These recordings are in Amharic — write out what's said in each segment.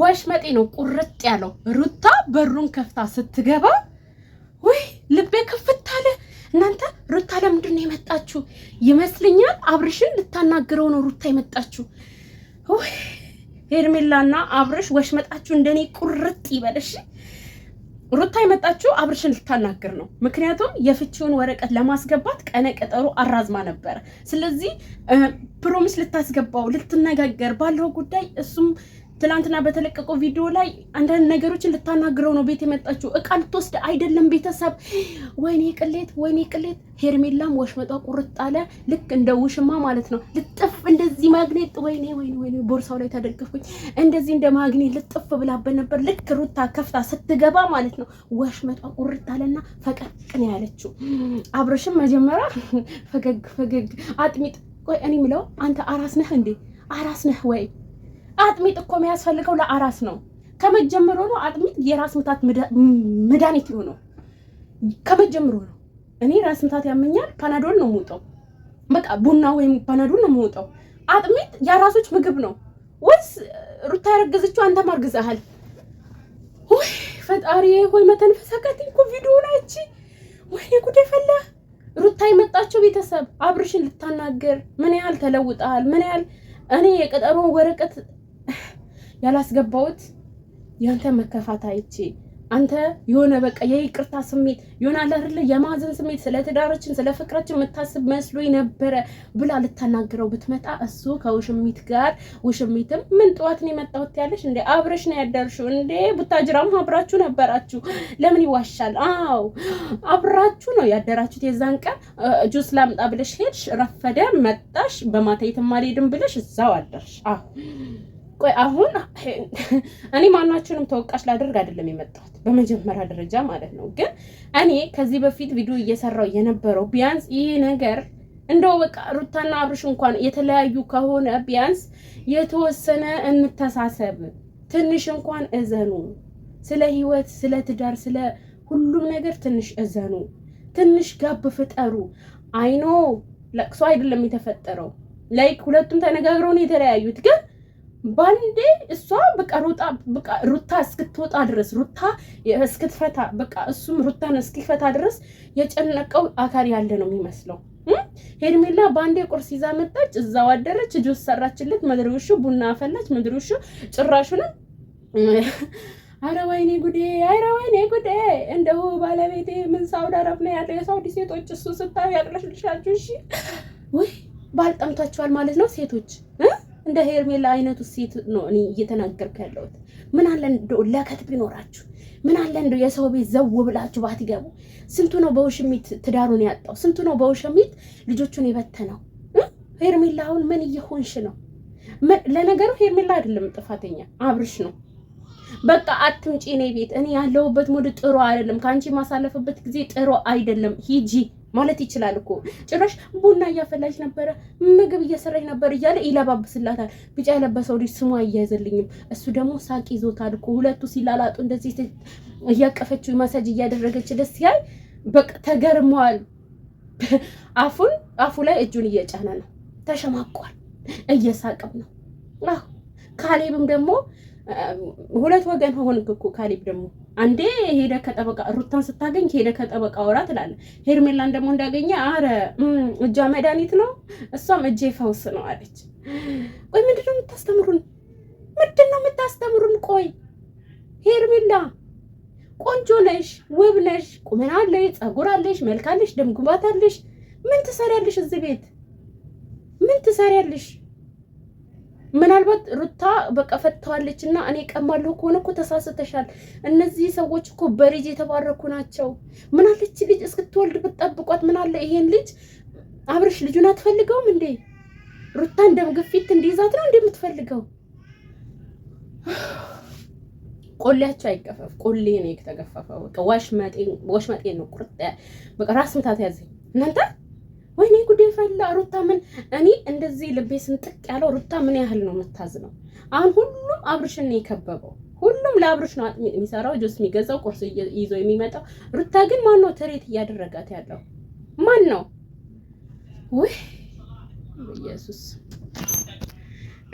ወሽመጤ ነው ቁርጥ ያለው። ሩታ በሩን ከፍታ ስትገባ ወይ ልቤ ክፍት አለ። እናንተ ሩታ ለምንድን ነው የመጣችሁ? ይመስልኛል አብርሽን ልታናግረው ነው ሩታ የመጣችሁ። ወይ ሄርሜላና አብርሽ ወሽመጣችሁ እንደኔ ቁርጥ ይበለሽ። ሩታ የመጣችሁ አብርሽን ልታናግር ነው። ምክንያቱም የፍቺውን ወረቀት ለማስገባት ቀነ ቀጠሩ አራዝማ ነበረ። ስለዚህ ፕሮሚስ ልታስገባው ልትነጋገር ባለው ጉዳይ እሱም ትናንትና በተለቀቀው ቪዲዮ ላይ አንዳንድ ነገሮችን ልታናግረው ነው ቤት የመጣችው። እቃ ልትወስድ አይደለም። ቤተሰብ ወይኔ ቅሌት፣ ወይኔ ቅሌት። ሄርሜላም ወሽመጧ ቁርጥ አለ። ልክ እንደ ውሽማ ማለት ነው። ልጥፍ እንደዚህ ማግኔት፣ ወይኔ ወይኔ ወይኔ፣ ቦርሳው ላይ ተደገፍኩኝ። እንደዚህ እንደ ማግኔት ልጥፍ ብላበት ነበር። ልክ ሩታ ከፍታ ስትገባ ማለት ነው። ወሽመጧ ቁርጥ አለና ፈቀቅ ነው ያለችው። አብረሽም መጀመሪያ ፈገግ ፈገግ አጥሚጥ። ቆይ እኔ አንተ አራስ ነህ እንዴ? አራስ ነህ ወይ? አጥሚት እኮ የሚያስፈልገው ለአራስ ነው። ከመጀመሩ ነው አጥሚት የራስ ምታት መድኃኒት ነው። ከመጀመሩ ነው እኔ ራስ ምታት ያመኛል፣ ፓናዶል ነው የምውጠው። በቃ ቡና ወይም ፓናዶል ነው የምውጠው። አጥሚት የአራሶች ምግብ ነው ወይስ ሩታ ያረገዘችው አንተ አርግዘሃል? ወይ ፈጣሪ ሆይ መተንፈስ አቃተኝ እኮ ቪዲዮ ላይቺ። ወይኔ ጉዴ ፈላ። ሩታ የመጣቸው ቤተሰብ አብርሽን ልታናገር ምን ያህል ተለውጠሃል? ምን ያህል እኔ የቀጠሮ ወረቀት ያላስገባሁት ያንተ መከፋት አይቼ አንተ የሆነ በቃ የይቅርታ ስሜት የሆነ አለ የማዘን ስሜት ስለ ትዳራችን ስለ ፍቅራችን የምታስብ መስሎኝ ነበረ ብላ ልታናግረው ብትመጣ እሱ ከውሽሚት ጋር ውሽሚትም ምን ጠዋት ነው የመጣሁት ያለሽ እንዴ? አብረሽ ነው ያደርሽው እንዴ? ቡታጅራም አብራችሁ ነበራችሁ። ለምን ይዋሻል? አዎ አብራችሁ ነው ያደራችሁት። የዛን ቀን ጁስ ላምጣ ብለሽ ሄድሽ፣ ረፈደ፣ መጣሽ። በማታ የትም አልሄድም ብለሽ እዛው አደርሽ። አዎ ቆይ አሁን እኔ ማናችሁንም ተወቃሽ ላደርግ አይደለም የመጣሁት፣ በመጀመሪያ ደረጃ ማለት ነው። ግን እኔ ከዚህ በፊት ቪዲዮ እየሰራው የነበረው ቢያንስ ይህ ነገር እንደው በቃ ሩታና አብርሽ እንኳን የተለያዩ ከሆነ ቢያንስ የተወሰነ እንተሳሰብ፣ ትንሽ እንኳን እዘኑ፣ ስለ ህይወት፣ ስለ ትዳር፣ ስለ ሁሉም ነገር ትንሽ እዘኑ፣ ትንሽ ጋብ ፍጠሩ። አይኖ ለቅሶ አይደለም የተፈጠረው ላይክ ሁለቱም ተነጋግረው ነው የተለያዩት ግን ባንዴ እሷ በቃ ሩጣ በቃ ሩታ እስክትወጣ ድረስ ሩታ እስክትፈታ በቃ እሱም ሩታን እስኪፈታ ድረስ የጨነቀው አካል ያለ ነው የሚመስለው። ሄርሜላ ባንዴ ቁርስ ይዛ መጣች፣ እዛው አደረች፣ ጁስ ሰራችለት፣ ምድርውሹ ቡና አፈላች፣ ምድርውሹ ጭራሹንም አረ ወይኔ ጉዴ! አረ ወይኔ ጉዴ! እንደው ባለቤቴ ምን ሳውዲ አረብ ነው ያለው። የሳውዲ ሴቶች እሱ ስታዩ ያቅለሽልሻችሁ። እሺ ወይ ባል ማለት ነው ሴቶች እ እንደ ሄርሜላ አይነቱ ሴት ነው እኔ እየተናገርኩ ያለሁት። ምን አለ እንደው ለከት ቢኖራችሁ፣ ምን አለ እንደው የሰው ቤት ዘው ብላችሁ ባትገቡ። ስንቱ ነው በውሽሚት ትዳሩን ያጣው? ስንቱ ነው በውሽሚት ልጆቹን የበተነው? ሄርሜላ አሁን ምን እየሆንሽ ነው? ለነገሩ ሄርሜላ አይደለም ጥፋተኛ፣ አብርሽ ነው። በቃ አትምጪ እኔ ቤት። እኔ ያለሁበት ሙድ ጥሩ አይደለም። ከአንቺ የማሳለፍበት ጊዜ ጥሩ አይደለም። ሂጂ ማለት ይችላል እኮ ጭራሽ ቡና እያፈላች ነበረ፣ ምግብ እየሰራች ነበር እያለ ይለባብስላታል። ቢጫ የለበሰው ልጅ ስሙ አያይዝልኝም። እሱ ደግሞ ሳቅ ይዞታል እኮ ሁለቱ ሲላላጡ እንደዚህ እያቀፈችው ማሳጅ እያደረገች ደስ ያል በቃ ተገርመዋል። አፉን አፉ ላይ እጁን እየጫነ ነው፣ ተሸማቋል፣ እየሳቅም ነው። ካሌብም ደግሞ ሁለት ወገን ሆንክ እኮ ካሌብ ደግሞ አንዴ ሄደ ከጠበቃ ሩታን ስታገኝ ሄደ ከጠበቃ ወራ ትላለ። ሄርሜላን ደግሞ እንዳገኘ አረ እጇ መድኃኒት ነው እሷም እጄ ፈውስ ነው አለች። ቆይ ምንድነው የምታስተምሩን? ምንድነው የምታስተምሩን? ቆይ ሄርሜላ ቆንጆ ነሽ፣ ውብ ነሽ፣ ቁመና አለሽ፣ ጸጉር አለሽ፣ መልክ አለሽ፣ ደም ግባት አለሽ። ምን ትሰሪያለሽ? እዚህ ቤት ምን ትሰሪያለሽ? ምናልባት ሩታ በቃ ፈትተዋለች እና እኔ ቀማለሁ ከሆነ እኮ ተሳስተሻል። እነዚህ ሰዎች እኮ በልጅ የተባረኩ ናቸው። ምናለች ልጅ እስክትወልድ ብትጠብቋት ምናለ። ይሄን ልጅ አብርሽ ልጁን አትፈልገውም እንዴ? ሩታ እንደም ግፊት እንዲይዛት ነው እንደምትፈልገው። ቆሌያቸው አይገፈፍ። ቆሌ ነው የተገፈፈው። ወሽመጤ ነው ቁርጥ በቃ ራስ ምታት ያዘኝ እናንተ ወይኔ ጉዴ ፈላ። ሩታ ምን እኔ እንደዚህ ልቤ ስንጥቅ ያለው ሩታ ምን ያህል ነው የምታዝነው? አሁን ሁሉም አብርሽን ነው የከበበው። ሁሉም ለአብርሽ ነው የሚሰራው፣ ጁስ የሚገዛው፣ ቁርስ ይዞ የሚመጣው። ሩታ ግን ማን ነው ትሬት እያደረጋት ያለው? ማን ነው? ውይ ኢየሱስ።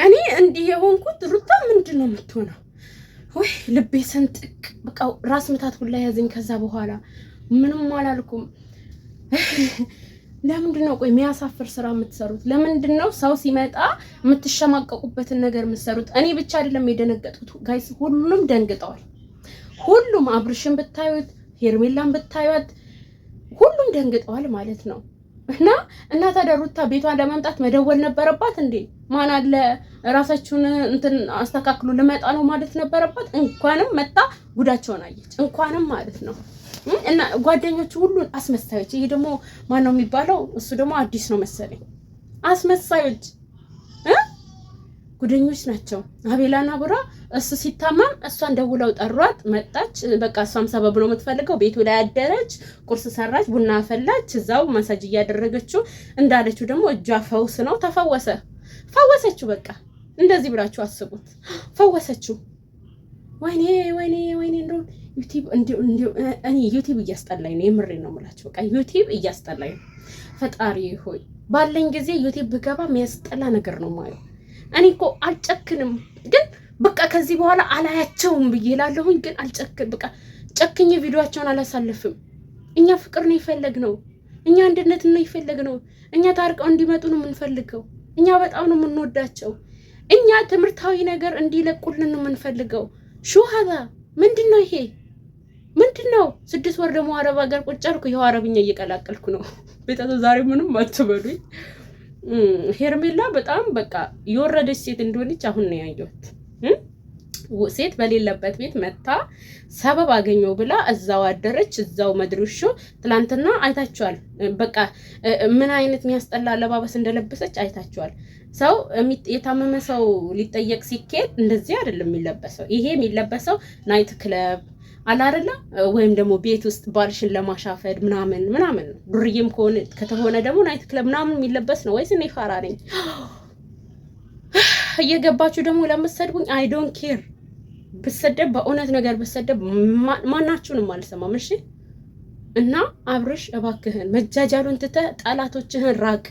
እኔ እንዲህ የሆንኩት ሩታ ምንድን ነው የምትሆነው? ውይ ልቤ ስንጥቅ በቃ ራስ ምታት ሁላ ያዘኝ። ከዛ በኋላ ምንም አላልኩም። ለምንድን ነው ቆይ የሚያሳፍር ስራ የምትሰሩት? ለምንድን ነው ሰው ሲመጣ የምትሸማቀቁበትን ነገር የምትሰሩት? እኔ ብቻ አይደለም የደነገጥኩት ጋይስ፣ ሁሉም ደንግጠዋል። ሁሉም አብርሽን ብታዩት፣ ሄርሜላን ብታዩት፣ ሁሉም ደንግጠዋል ማለት ነው። እና እና ታዲያ ሩታ ቤቷን ለመምጣት መደወል ነበረባት እንዴ? ማን አለ ራሳችሁን እንትን አስተካክሉ ልመጣ ነው ማለት ነበረባት። እንኳንም መጣ ጉዳቸውን አየች። እንኳንም ማለት ነው እና ጓደኞቹ ሁሉን አስመሳዮች። ይሄ ደግሞ ማን ነው የሚባለው? እሱ ደግሞ አዲስ ነው መሰለኝ። አስመሳዮች ጉደኞች ናቸው። አቤላና ቡራ እሱ ሲታማም እሷን ደውለው ጠሯት፣ መጣች። በቃ እሷም ሰበብ ነው የምትፈልገው። ቤቱ ላይ አደረች፣ ቁርስ ሰራች፣ ቡና ፈላች፣ እዛው ማሳጅ እያደረገችው እንዳለችው ደግሞ እጇ ፈውስ ነው። ተፈወሰ፣ ፈወሰችው። በቃ እንደዚህ ብላችሁ አስቡት፣ ፈወሰችው። ወይኔ ወይኔ ወይኔ እንደ ዩቲብ እኔ ዩቲብ እያስጠላኝ ነው። የምሬ ነው የምላችሁ። በቃ ዩቲብ እያስጠላኝ ነው። ፈጣሪ ሆይ ባለኝ ጊዜ ዩቲብ ብገባ የሚያስጠላ ነገር ነው ማየው። እኔ እኮ አልጨክንም፣ ግን በቃ ከዚህ በኋላ አላያቸውም ብዬ ላለሁኝ፣ ግን አልጨክን በቃ ጨክኝ ቪዲዮቸውን አላሳልፍም። እኛ ፍቅር ነው ይፈለግ ነው እኛ አንድነት ነው የፈለግነው፣ እኛ ታርቀው እንዲመጡ ነው የምንፈልገው፣ እኛ በጣም ነው የምንወዳቸው፣ እኛ ትምህርታዊ ነገር እንዲለቁልን ነው የምንፈልገው። ሀዛ ምንድን ነው ይሄ? ምንድን ነው? ስድስት ወር ደግሞ አረብ ሀገር ቁጭ አልኩ። ይኸው አረብኛ እየቀላቀልኩ ነው። ቤተሰብ ዛሬ ምንም አትበሉኝ። ሄርሜላ በጣም በቃ የወረደች ሴት እንደሆነች አሁን ነው ያየሁት። ሴት በሌለበት ቤት መታ ሰበብ አገኘው ብላ እዛው አደረች። እዛው መድርሾ ትላንትና አይታችኋል። በቃ ምን አይነት የሚያስጠላ አለባበስ እንደለበሰች አይታችኋል። ሰው የታመመ ሰው ሊጠየቅ ሲኬድ እንደዚህ አይደለም የሚለበሰው። ይሄ የሚለበሰው ናይት ክለብ አላረላ ወይም ደግሞ ቤት ውስጥ ባልሽን ለማሻፈድ ምናምን ምናምን ነው። ዱርዬም ከሆነ ከተሆነ ደግሞ ናይት ክለብ ምናምን የሚለበስ ነው ወይስ እኔ ፋራ ነኝ? እየገባችሁ ደግሞ ለምትሰድቡኝ አይ ዶንት ኬር ብሰደብ በእውነት ነገር ብሰደብ ማናችሁንም አልሰማም። እሺ እና አብርሽ እባክህን መጃጃሉን ትተህ ጠላቶችህን ራቅ።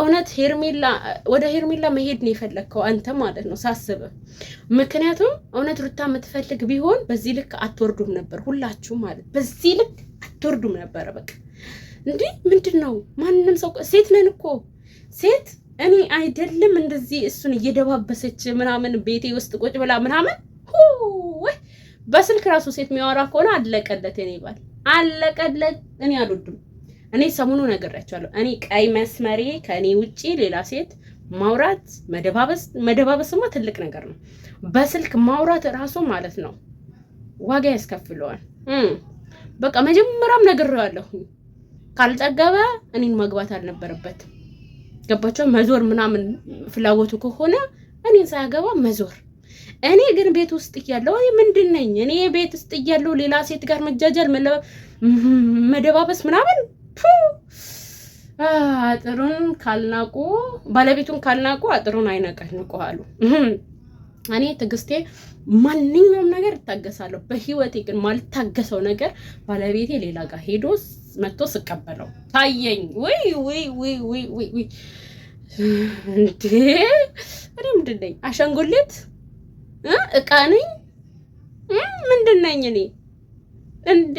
እውነት ሄርሜላ ወደ ሄርሜላ መሄድ ነው የፈለግከው አንተ ማለት ነው ሳስብ። ምክንያቱም እውነት ሩታ የምትፈልግ ቢሆን በዚህ ልክ አትወርዱም ነበር፣ ሁላችሁ ማለት በዚህ ልክ አትወርዱም ነበረ። በቃ እንዲህ ምንድን ነው ማንም ሰው ሴት ነን እኮ ሴት እኔ አይደለም እንደዚህ እሱን እየደባበሰች ምናምን ቤቴ ውስጥ ቁጭ ብላ ምናምን በስልክ ራሱ ሴት የሚያወራ ከሆነ አለቀለት። እኔ ባል አለቀለት። እኔ አልወድም። እኔ ሰሞኑ ነግሬያቸዋለሁ። እኔ ቀይ መስመሬ ከእኔ ውጪ ሌላ ሴት ማውራት መደባበስ፣ መደባበስማ ትልቅ ነገር ነው። በስልክ ማውራት ራሱ ማለት ነው ዋጋ ያስከፍለዋል። በቃ መጀመሪያም ነግሬዋለሁ። ካልጠገበ እኔን መግባት አልነበረበትም። ገባቸው መዞር ምናምን ፍላጎቱ ከሆነ እኔን ሳያገባ መዞር እኔ ግን ቤት ውስጥ እያለሁ ምንድን ነኝ? እኔ ቤት ውስጥ እያለሁ ሌላ ሴት ጋር መጃጃል፣ መደባበስ ምናምን አጥሩን ካልናቁ ባለቤቱን ካልናቁ አጥሩን አይነቀንቁ አሉ። እኔ ትዕግስቴ ማንኛውም ነገር እታገሳለሁ። በህይወቴ ግን ማልታገሰው ነገር ባለቤቴ ሌላ ጋር ሄዶ መጥቶ ስቀበለው ታየኝ። ውይ ውይ ውይ ውይ ውይ! እንዴ እኔ ምንድን ነኝ? አሻንጉሊት እቃ ነኝ ምንድን ነኝ እኔ እንዴ?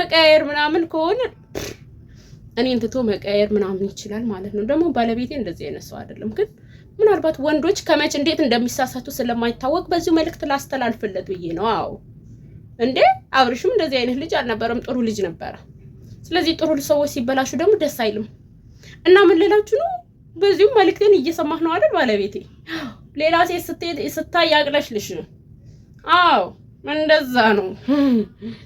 መቀያየር ምናምን ከሆነ እኔን ትቶ መቀያየር ምናምን ይችላል ማለት ነው። ደግሞ ባለቤቴ እንደዚህ አይነት ሰው አይደለም። ግን ምናልባት ወንዶች ከመች እንዴት እንደሚሳሳቱ ስለማይታወቅ በዚሁ መልእክት ላስተላልፍለት ብዬ ነው። አዎ እንዴ አብርሽም እንደዚህ አይነት ልጅ አልነበረም፣ ጥሩ ልጅ ነበረ። ስለዚህ ጥሩ ሰዎች ሲበላሹ ደግሞ ደስ አይልም እና ምን ልላችሁ ነው። በዚሁም መልእክቴን እየሰማህ ነው አይደል ባለቤቴ ሌላ ሴት ስትሄድ ስታይ ያቅለሽልሽ። አዎ እንደዛ ነው።